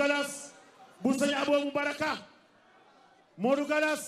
Galas bu sëñ aboobu baraka Modou Galas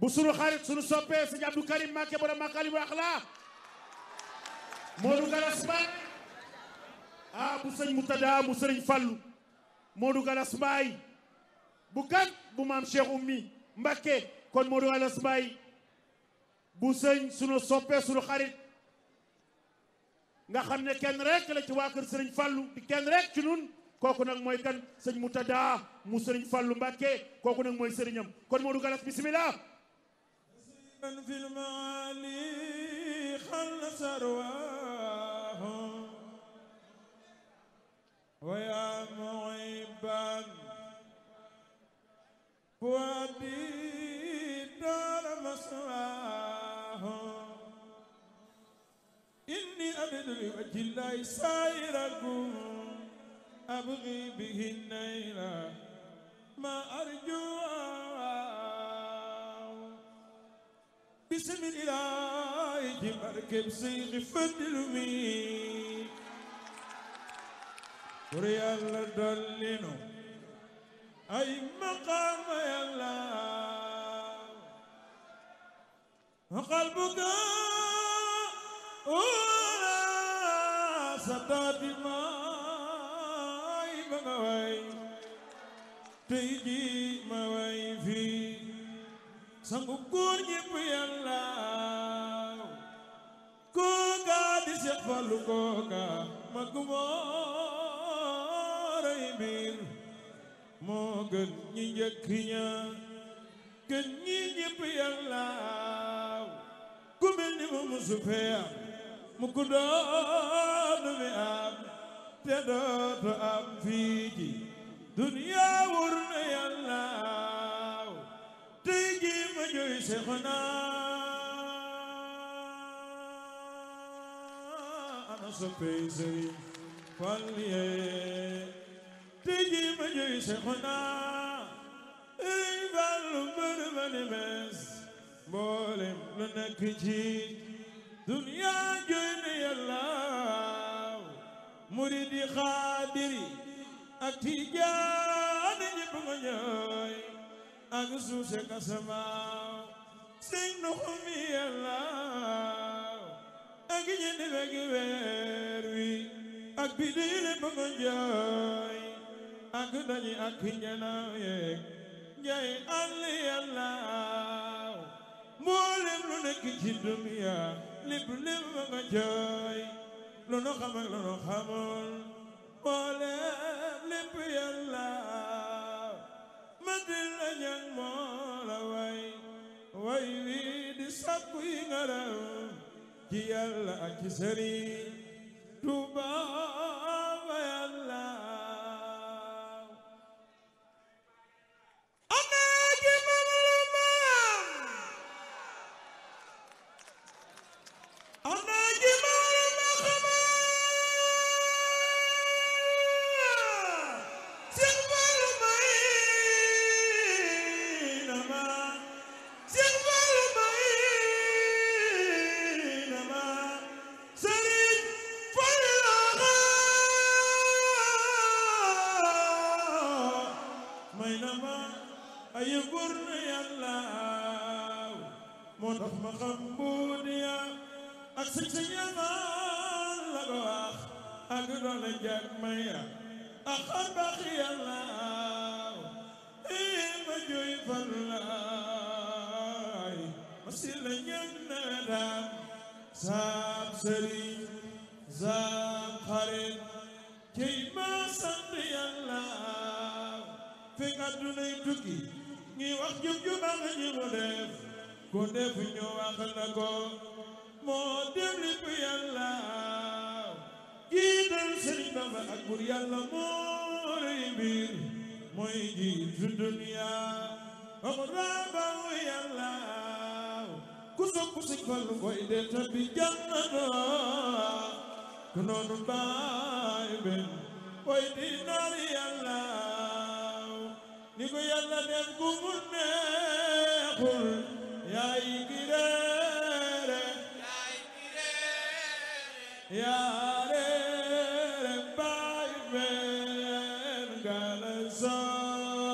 bu sunu xarit sunu soppee sëñ Abdou Karim Mbacké borom Makarimu Axlaaq Modou Galas Mbaye ah bu sëñ Moutada bu sëriñ Fallu Modou Galas Mbaye bu kan bu maam Cheikh Oumy Mbacké kon Modou Galas Mbaye bu sëñ sunu soppee sunu xarit nga xamne kenn rek la ci wa keur serigne fallu di kenn rek ci nun koku nak moy kan serigne mutada mu sëriñ fàllu mbàkke kooku nag mooy sëriñam kon modou galas bismillah man fil maali المعالي wa ya ويا wa فؤادي dar maswa أبد لوجه الله سائركم أبغي به النيل ما أرجو بسم الإله مركب سيغ فدلمي وريا الله دلنو أي مقام يا الله قلبك أوه tey jii ma way fii sangu góor ñépp yàlla kooka di seet fallu kooka mag mooray mbir moo gën ñi njëkk ña gën ñi ñépp yàlla ku mel ni mu musu feeya mu ku doonu mi am te dootu am fii ji duniya wër na yàlla tey ma joy Seexuna ana soppey Sëriñ Falliye tey ma joy Seexuna ey ballu bër bani bees mboolem lu nekk ci duniya joy na yàlla muridi xaadiri ak Tijaan ñépp nga ñooy ak suuf si ka samaaw sëñ ndoxu mi yàlla ak ñeenti wi ak biddiw lépp nga ak dañi ak njanaaw yeeg njaay àll yàlla mboolem lu nekk ci dunya lépp lépp nga jooy lu nu xam ak lu nu xamul mbooleem lépp yàlla ma di la ñaan moo la way way wi di sàkku yi nga raw ci yàlla ak ci sëriñ zaam xarit key ma sant yàlla fekk addunay tukki ngi wax jub ju baax ñi ko ñu wax na ko moo déglu ko yàlla jiital Sëriñ Bamba ak bur yàlla moo rëy mbir mooy jiitu dunya ak raabaw yàlla ku sopp Sëriñ Fallu koy de tabbi jànna ku noonu baay ben way diinaali yàlla ni ko yàlla def ku mu neexul yaay ki reere yaa reere baay ben gala soo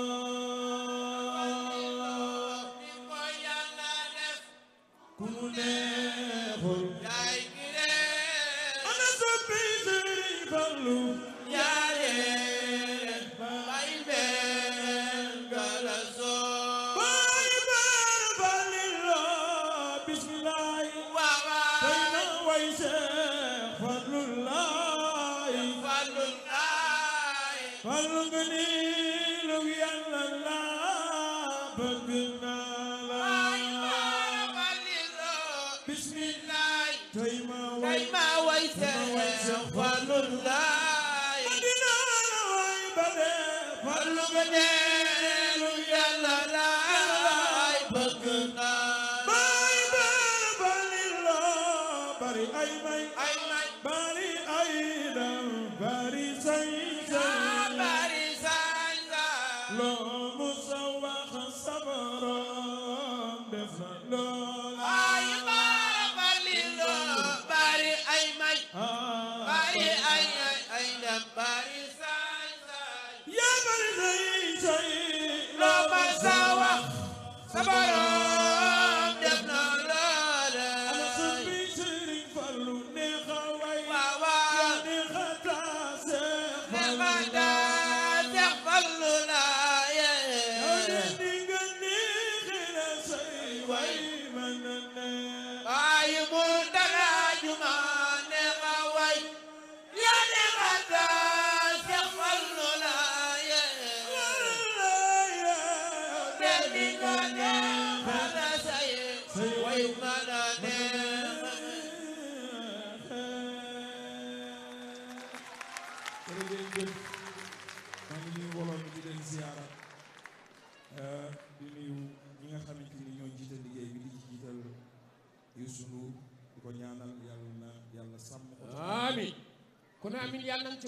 ni ko yàlla def ku mu neexul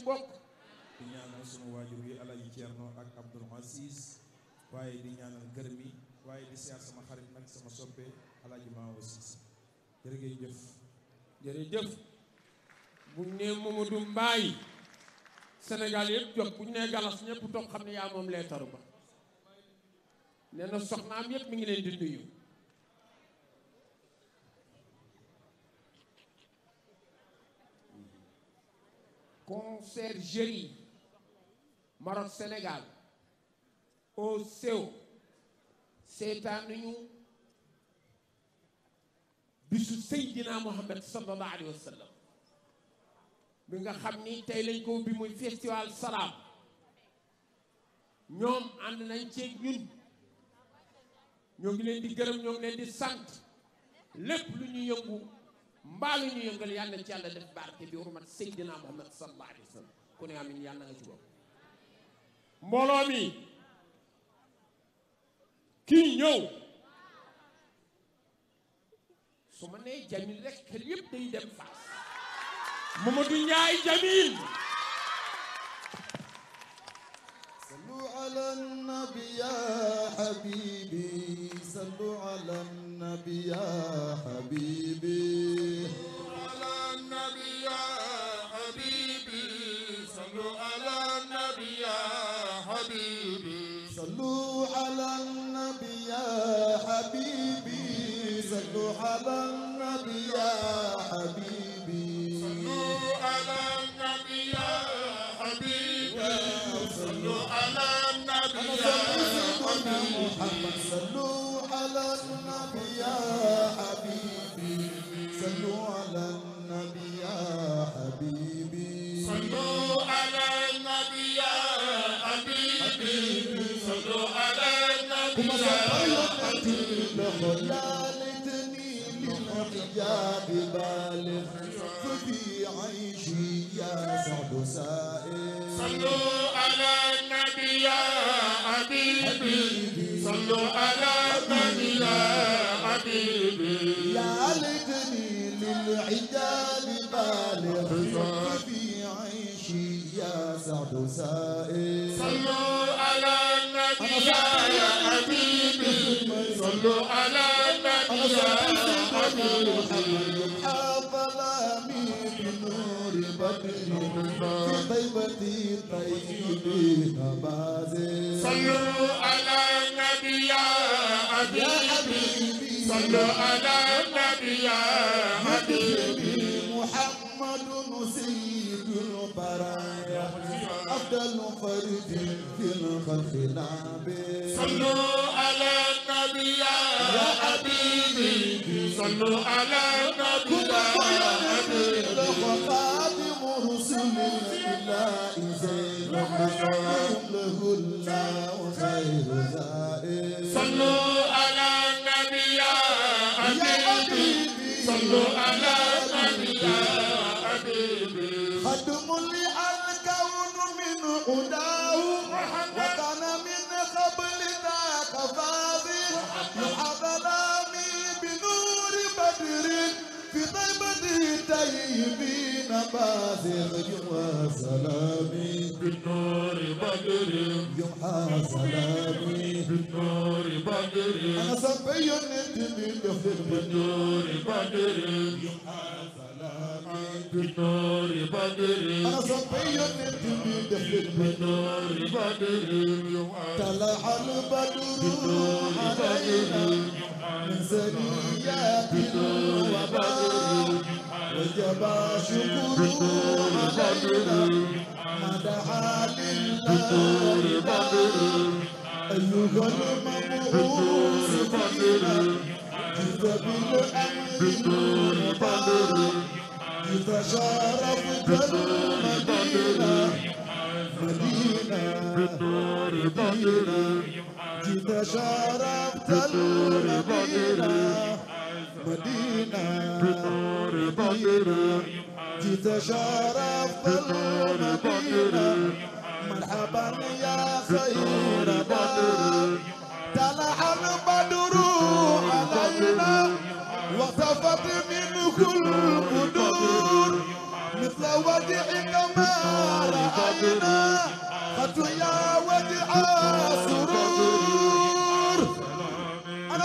bokk di ñaanal sunu waajur yi alaji Ceerno ak Abdoul Aziz waaye di ñaanal gërëmi waaye di siyaar sama xarit nag sama soppe alaji Maawo Cissé jërëjëf jërëjëf bu ñu nee Mamadou bu Galas ba soxnaam mi ngi leen di nuyu concert jeunes yi Maroc Sénégal au CO seetaanuñu bisu Seydina Muhammad sallallahu alayhi bi nga xam ni tey lañ ko ubbi muy festival salaam ñoom ànd nañ ceeg ñun ñoo ngi leen di gërëm ñoo leen di sant lépp lu ñu yëngu mbaa lu ñu yëngal yàlla ci yàlla def barke bi hurmat Seydina Muhammad sallallahu alayhi wa sallam ku ne amin yàlla nga ci kii ñëw su ma nee Jamil rek xel yëpp day dem Jamil صلوا على النبي يا حبيبي على النبي يا حبيبي صلوا على النبي يا حبيبي صلوا على النبي يا حبيبي صلوا على النبي ليتني للحجاب بالغ ففي عيشي يا سعد سائر صلوا على النبي يا حبيبي صلوا على النبي يا حبيبي يا ليتني للعجاب بالغ ففي عيشي يا سعد سائر صلوا على النبي يا حبيبي صلوا على النبي يا حبيبي محمد سيد البرايا أفضل فرد في الخلق نبي صلوا على النبي يا حبيبي صلوا على النبي يا حبيبي هداه وكان من قبل ذاك فاضل يحظلامي بنور بدر في طيبة طيبين باسل يوم سلامي بنور بدر يوم سلامي بنور بدر انا صبي النتمي بالنور بدر يوم سلامي بنور بدر أصبي النبي دفل بنور بدر طلع البدر علينا من سرياتنا وبدر وجب شكر علينا مدح لله بدر أيها المبعوث فينا بدون بدر يتشارف المدينة مدينة بدون بدر يتشارف المدينة مدينة بدون بدر يتشارف المدينة مرحبا يا خير بدر ودعنا رأينا قد يا ودع سرور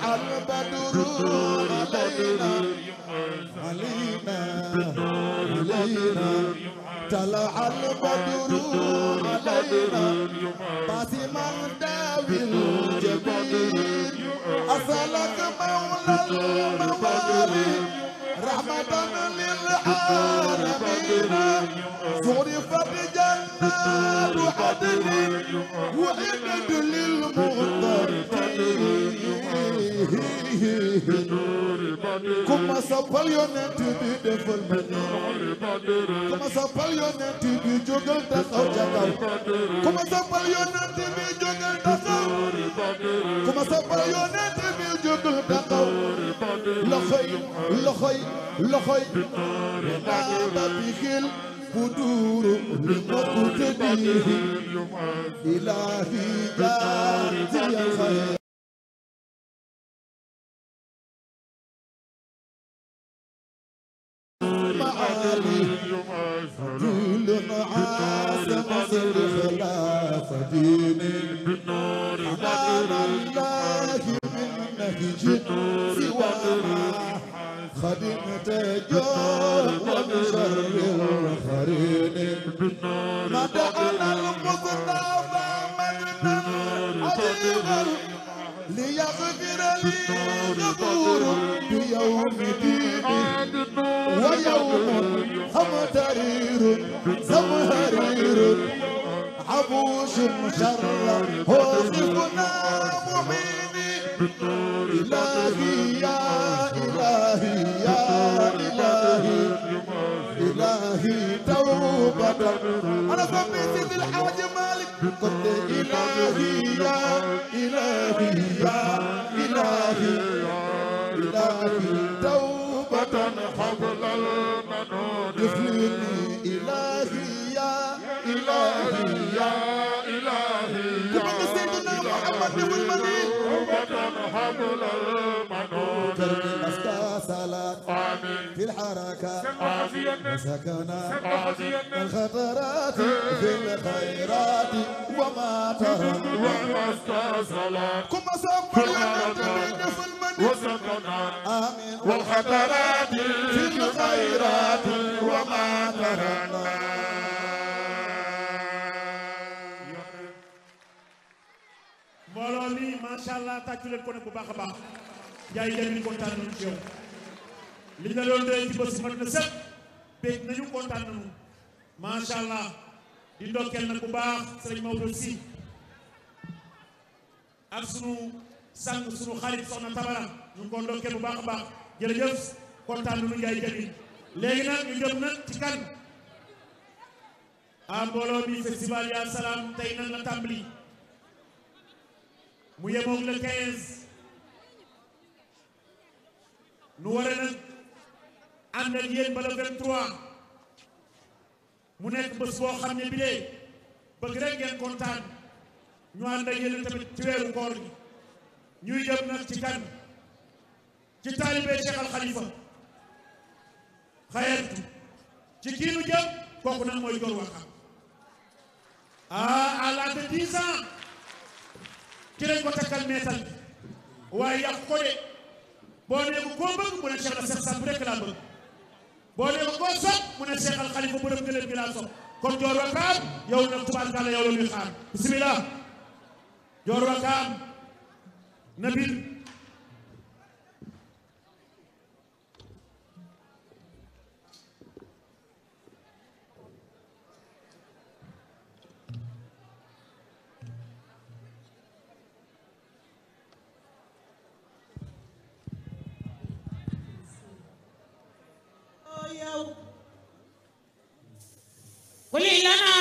طلع البدر علينا علينا علينا طلع البدر علينا باسم الداوي الجبير أصلك مولى الموالي رحمة للعالمين صرفت جنات عدن وعدد للمغتربين kuma sappal yonent bi defal ma kuma sappal yonent bi jógal taxaw ca kaw kuma sappal yonent bi jógal taxaw kuma sappal yonent bi jógal taxaw loxoy loxoy loxoy naata bi xil بدور المقتدي إلهي جارتي الخير تجور من شر الخرين ندعنا المصطفى من حبيبا ليغفر لي غفور بيوم ديني ويوم خمترير زمهرير عبوش شر وصفنا مهيني إلهي يا إلهي توبة أنا صبي سيد الحاج مالك قد إلهي يا إلهي يا إلهي إلهي توبة حبيبي سكنا الخطرات في الخيرات وما تهم وما استزلت كما والخطرات في الخيرات وما تهم ما شاء الله تاكلوا لكم بخبا يا إلهي كنت أنا li nga doon dee ci bés mat na set bég nañu kontaan nañu macha allah di ndokkeel nag bu baax sëriñ Maodo si ak sunu sang sunu xarit soxna Tabara ñu ngi ko ndokkeel bu baax a baax jërëjëf kontaan nañu yaay jëli léegi nag ñu jëm nag ci kan ah mbooloo bi festival ya salaam tey nan la tàmbali mu yemoog le 15 nu waree ànd ak yéen ba le mu nekk bés xam ne bi bëgg rek ngeen kontaan ñu ànd ak yéen tamit ci weeru koor gi nag ci kan ci taalibe Cheikh Al Khalifa xayatu ci kii nu jëm kooku nag mooy Ndiol Waka ah à l'âge de ki lañ ko takkal meetal waaye yàqu ko de boo nee ko koo bëgg mu ne Cheikh na Cheikh Sall bu nekk laa bëgg boo dee koo sopp mu ne Cheikh Al Khalifa borom gëlëm gi laa sopp kon Dior Wakaam yow nag tubaarkàlla yow la ñuy xaar bisimilah Dior Wakaam Nabil. 我奶奶。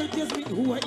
atheism huwa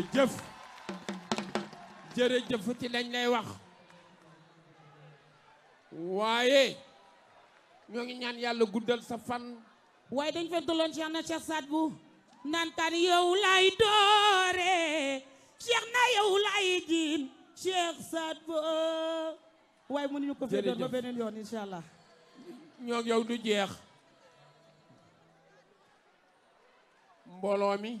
jërëjëf jërëjëfati lañ lay wax waaye ñoo ngi ñaan yàlla guddal sa fan waaye dañ fee doloon Cheikh na Cheikh Saad bu naan taan yow lay doore Cheikh na yow lay diin Cheikh Saad bu waaye mënuñu ko fee doon ba beneen yoon insha allah ñoo yow du jeex mbooloo mi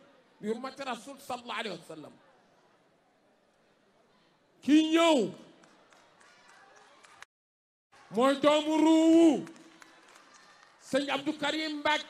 yurmati rasul sallallahu alayhi wa sallam ki ñëw mooy doomu ruuwu sëñ Abdou Karim Mbacke